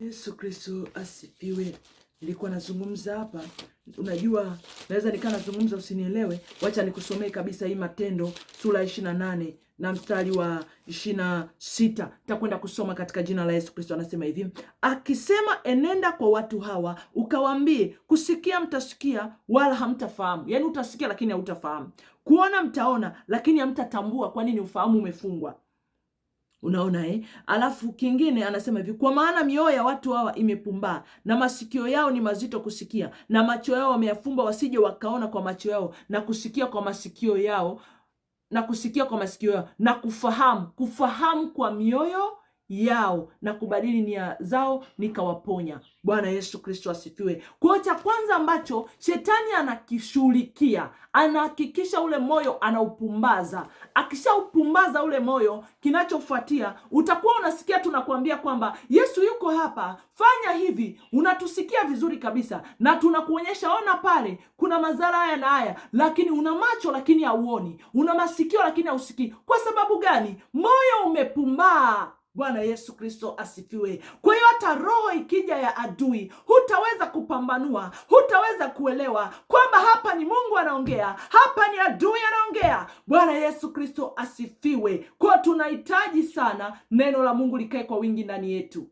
Yesu Kristo asifiwe. Nilikuwa nazungumza hapa, unajua naweza nikaa nazungumza usinielewe. Wacha nikusomee kabisa hii Matendo sura ishirini na nane na mstari wa ishirini na sita takwenda kusoma katika jina la Yesu Kristo. Anasema hivi akisema, enenda kwa watu hawa ukawaambie, kusikia mtasikia wala hamtafahamu. Yani utasikia lakini hautafahamu, kuona mtaona lakini hamtatambua, kwa nini ufahamu umefungwa Unaona eh? Alafu kingine anasema hivi, kwa maana mioyo ya watu hawa imepumbaa na masikio yao ni mazito kusikia na macho yao wameyafumba, wasije wakaona kwa macho yao na kusikia kwa masikio yao na kusikia kwa masikio yao na kufahamu, kufahamu kwa mioyo yao na kubadili nia zao nikawaponya. Bwana Yesu Kristo asifiwe. Kwa cha kwanza ambacho shetani anakishughulikia, anahakikisha ule moyo anaupumbaza. Akishaupumbaza ule moyo, kinachofuatia utakuwa unasikia tunakuambia kwamba Yesu yuko hapa, fanya hivi, unatusikia vizuri kabisa na tunakuonyesha, ona pale kuna madhara haya na haya, lakini una macho lakini hauoni, una masikio lakini hausikii. Kwa sababu gani? Moyo umepumbaa. Bwana Yesu Kristo asifiwe. Kwa hiyo hata roho ikija ya adui, hutaweza kupambanua, hutaweza kuelewa kwamba hapa ni Mungu anaongea, hapa ni adui anaongea. Bwana Yesu Kristo asifiwe. Kwa tunahitaji sana neno la Mungu likae kwa wingi ndani yetu.